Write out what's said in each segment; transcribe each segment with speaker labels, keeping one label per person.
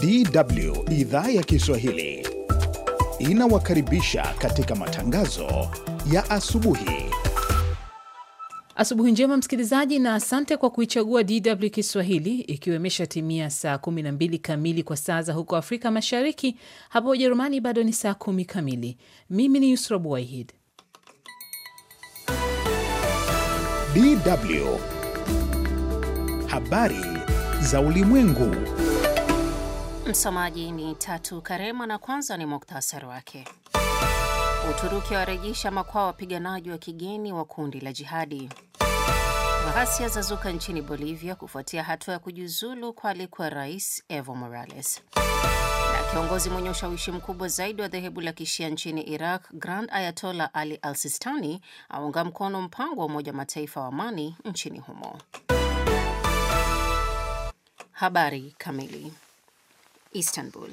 Speaker 1: DW idhaa ya Kiswahili inawakaribisha katika matangazo ya asubuhi. Asubuhi njema msikilizaji, na asante kwa kuichagua DW Kiswahili, ikiwa imeshatimia saa 12 kamili kwa saa za huko Afrika Mashariki. Hapa Ujerumani bado ni saa kumi kamili. Mimi ni Yusra Bwahid. DW habari za ulimwengu Msomaji ni Tatu Karema na kwanza ni muktasari wake. Uturuki warejesha makwao wapiganaji wa kigeni wa kundi la jihadi. Ghasia zazuka nchini Bolivia kufuatia hatua ya kujiuzulu kwa aliyekuwa rais Evo Morales. Na kiongozi mwenye ushawishi mkubwa zaidi wa dhehebu la kishia nchini Iraq, Grand Ayatola Ali Al Sistani aunga mkono mpango wa Umoja Mataifa wa amani nchini humo. Habari kamili Istanbul.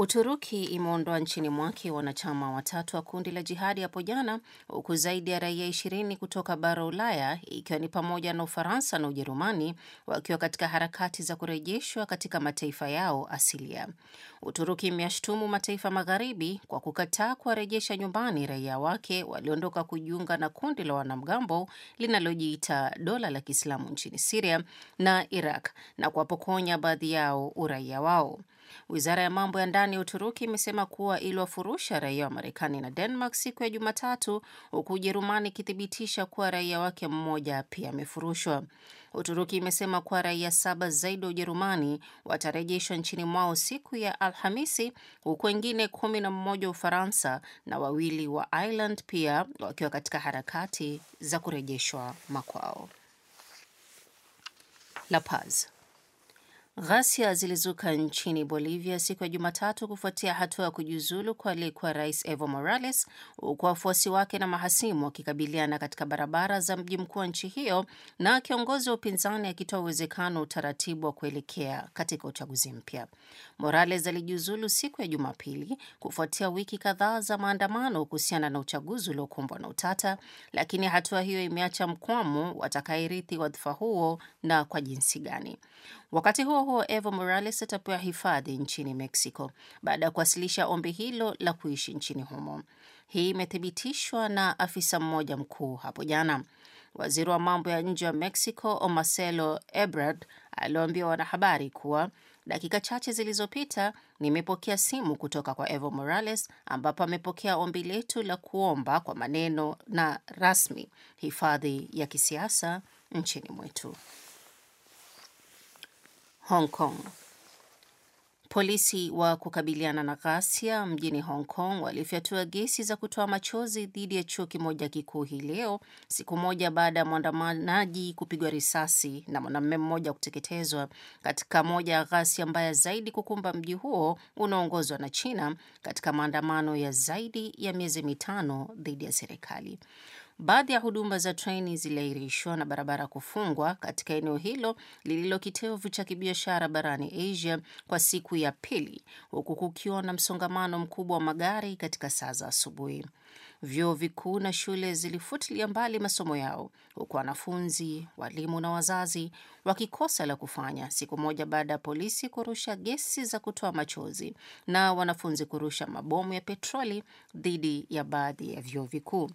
Speaker 1: Uturuki imeondoa nchini mwake wanachama watatu wa kundi la jihadi hapo jana, huku zaidi ya raia ishirini kutoka bara Ulaya ikiwa ni pamoja na Ufaransa na Ujerumani wakiwa katika harakati za kurejeshwa katika mataifa yao asilia. Uturuki imeashtumu mataifa magharibi kwa kukataa kuwarejesha nyumbani raia wake waliondoka kujiunga na kundi la wanamgambo linalojiita dola la Kiislamu nchini Siria na Iraq na kuwapokonya baadhi yao uraia wao. Wizara ya mambo ya ndani ya Uturuki imesema kuwa iliwafurusha raia wa Marekani na Denmark siku ya Jumatatu, huku Ujerumani ikithibitisha kuwa raia wake mmoja pia amefurushwa. Uturuki imesema kuwa raia saba zaidi wa Ujerumani watarejeshwa nchini mwao siku ya Alhamisi, huku wengine kumi na mmoja wa Ufaransa na wawili wa Ireland pia wakiwa katika harakati za kurejeshwa makwao. La Paz. Ghasia zilizuka nchini Bolivia siku ya Jumatatu kufuatia hatua ya kujiuzulu kwa aliyekuwa rais Evo Morales, huku wafuasi wake na mahasimu wakikabiliana katika barabara za mji mkuu wa nchi hiyo, na kiongozi wa upinzani akitoa uwezekano wa utaratibu wa kuelekea katika uchaguzi mpya. Morales alijiuzulu siku ya Jumapili kufuatia wiki kadhaa za maandamano kuhusiana na uchaguzi uliokumbwa na utata, lakini hatua hiyo imeacha mkwamo watakaerithi wadhifa huo na kwa jinsi gani. Wakati huo huo, Evo Morales atapewa hifadhi nchini Mexico baada ya kuwasilisha ombi hilo la kuishi nchini humo. Hii imethibitishwa na afisa mmoja mkuu hapo jana. Waziri wa mambo ya nje wa Mexico Marcelo Ebrard aliwaambia wanahabari kuwa dakika chache zilizopita nimepokea simu kutoka kwa Evo Morales ambapo amepokea ombi letu la kuomba kwa maneno na rasmi hifadhi ya kisiasa nchini mwetu. Hong Kong. Polisi wa kukabiliana na ghasia mjini Hong Kong walifyatua gesi za kutoa machozi dhidi ya chuo kimoja kikuu hii leo, siku moja baada ya mwandamanaji kupigwa risasi na mwanamume mmoja kuteketezwa katika moja ya ghasia mbaya zaidi kukumba mji huo unaoongozwa na China katika maandamano ya zaidi ya miezi mitano dhidi ya serikali. Baadhi ya huduma za treni ziliahirishwa na barabara kufungwa katika eneo hilo lililo kitovu cha kibiashara barani Asia kwa siku ya pili, huku kukiwa na msongamano mkubwa wa magari katika saa za asubuhi. Vyuo vikuu na shule zilifutilia mbali masomo yao, huku wanafunzi, walimu na wazazi wakikosa la kufanya, siku moja baada ya polisi kurusha gesi za kutoa machozi na wanafunzi kurusha mabomu ya petroli dhidi ya baadhi ya vyuo vikuu.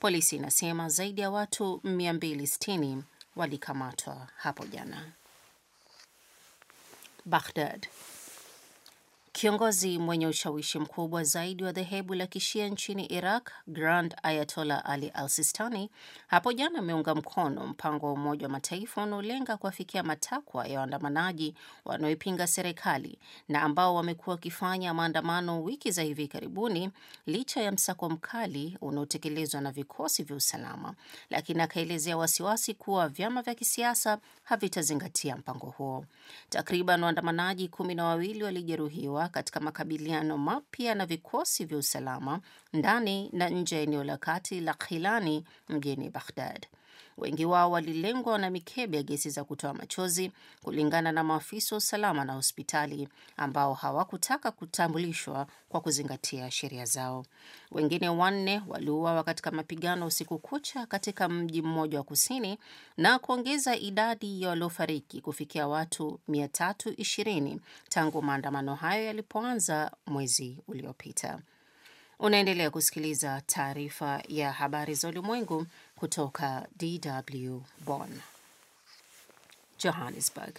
Speaker 1: Polisi inasema zaidi ya watu 260 walikamatwa hapo jana. Baghdad Kiongozi mwenye ushawishi mkubwa zaidi wa dhehebu la kishia nchini Iraq, Grand ayatola Ali Al Sistani, hapo jana ameunga mkono mpango wa Umoja wa Mataifa unaolenga kuwafikia matakwa ya waandamanaji wanaoipinga serikali na ambao wamekuwa wakifanya maandamano wiki za hivi karibuni, licha ya msako mkali unaotekelezwa na vikosi vya usalama, lakini akaelezea wasiwasi kuwa vyama vya kisiasa havitazingatia mpango huo. Takriban waandamanaji kumi na wawili walijeruhiwa katika makabiliano mapya na vikosi vya usalama ndani na nje ya eneo la kati la Khilani mjini Baghdad. Wengi wao walilengwa na mikebe ya gesi za kutoa machozi, kulingana na maafisa wa usalama na hospitali ambao hawakutaka kutambulishwa kwa kuzingatia sheria zao. Wengine wanne waliuawa katika mapigano usiku kucha katika mji mmoja wa kusini na kuongeza idadi ya waliofariki kufikia watu 320 tangu maandamano hayo yalipoanza mwezi uliopita. Unaendelea kusikiliza taarifa ya habari za ulimwengu kutoka DW Bonn, Johannesburg.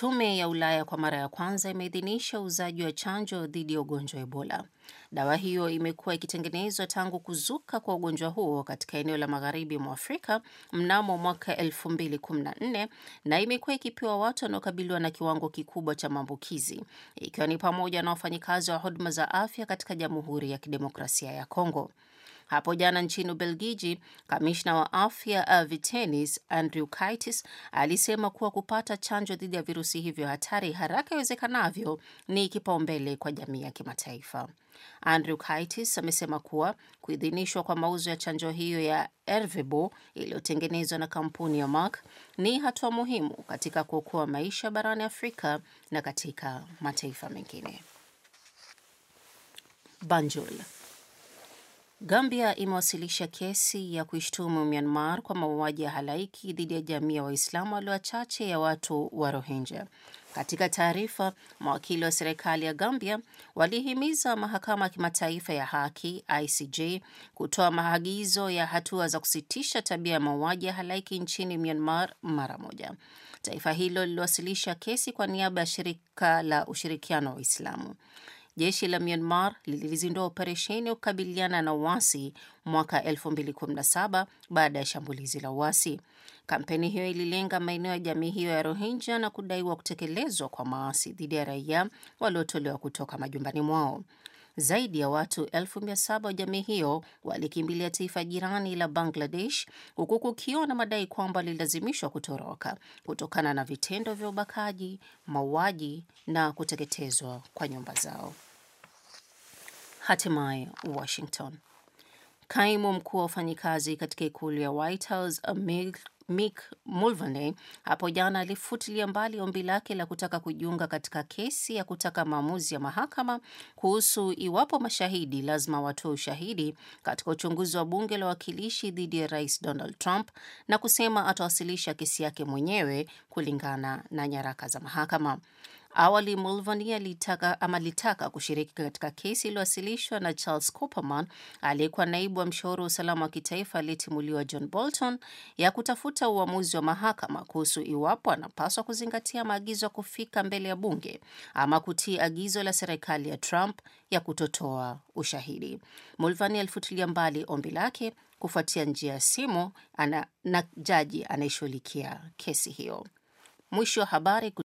Speaker 1: Tume ya Ulaya kwa mara ya kwanza imeidhinisha uuzaji wa chanjo dhidi ya ugonjwa wa Ebola. Dawa hiyo imekuwa ikitengenezwa tangu kuzuka kwa ugonjwa huo katika eneo la magharibi mwa Afrika mnamo mwaka 2014 na imekuwa ikipewa watu wanaokabiliwa na kiwango kikubwa cha maambukizi ikiwa ni pamoja na wafanyikazi wa huduma za afya katika Jamhuri ya Kidemokrasia ya Kongo. Hapo jana nchini Ubelgiji, kamishna wa afya Avitenis uh, Kaitis alisema kuwa kupata chanjo dhidi ya virusi hivyo hatari haraka iwezekanavyo ni kipaumbele kwa jamii ya kimataifa. andrew Kaitis amesema kuwa kuidhinishwa kwa mauzo ya chanjo hiyo ya Ervebo iliyotengenezwa na kampuni ya Merck ni hatua muhimu katika kuokoa maisha barani Afrika na katika mataifa mengine. Banjul. Gambia imewasilisha kesi ya kuishtumu Myanmar kwa mauaji ya halaiki dhidi ya jamii ya Waislamu walio wachache ya watu wa Rohingya. Katika taarifa, mawakili wa serikali ya Gambia walihimiza mahakama ya kimataifa ya haki ICJ kutoa maagizo ya hatua za kusitisha tabia ya mauaji ya halaiki nchini Myanmar mara moja. Taifa hilo liliwasilisha kesi kwa niaba ya shirika la ushirikiano wa Waislamu jeshi la Myanmar lilizindua operesheni kukabiliana na uasi mwaka 2017 baada ya shambulizi la uasi. Kampeni hiyo ililenga maeneo ya jamii hiyo ya Rohingya na kudaiwa kutekelezwa kwa maasi dhidi ya raia waliotolewa kutoka majumbani mwao. Zaidi ya watu elfu mia saba wa jamii hiyo walikimbilia taifa jirani la Bangladesh, huku kukiwa na madai kwamba lilazimishwa kutoroka kutokana na vitendo vya ubakaji, mauaji na kuteketezwa kwa nyumba zao. Hatimaye Washington, kaimu mkuu wa wafanyikazi katika ikulu ya White House Mick Mulvaney hapo jana alifutilia mbali ombi lake la kutaka kujiunga katika kesi ya kutaka maamuzi ya mahakama kuhusu iwapo mashahidi lazima watoe ushahidi katika uchunguzi wa bunge la wakilishi dhidi ya Rais Donald Trump na kusema atawasilisha kesi yake mwenyewe kulingana na nyaraka za mahakama. Awali Mulvani alitaka ama alitaka kushiriki katika kesi iliyowasilishwa na Charles Cooperman aliyekuwa naibu wa mshauri wa usalama wa kitaifa aliyetimuliwa John Bolton ya kutafuta uamuzi wa mahakama kuhusu iwapo anapaswa kuzingatia maagizo ya kufika mbele ya bunge ama kutii agizo la serikali ya Trump ya kutotoa ushahidi. Mulvani alifutilia mbali ombi lake kufuatia njia ya simu ana, na jaji anayeshughulikia kesi hiyo. Mwisho wa habari.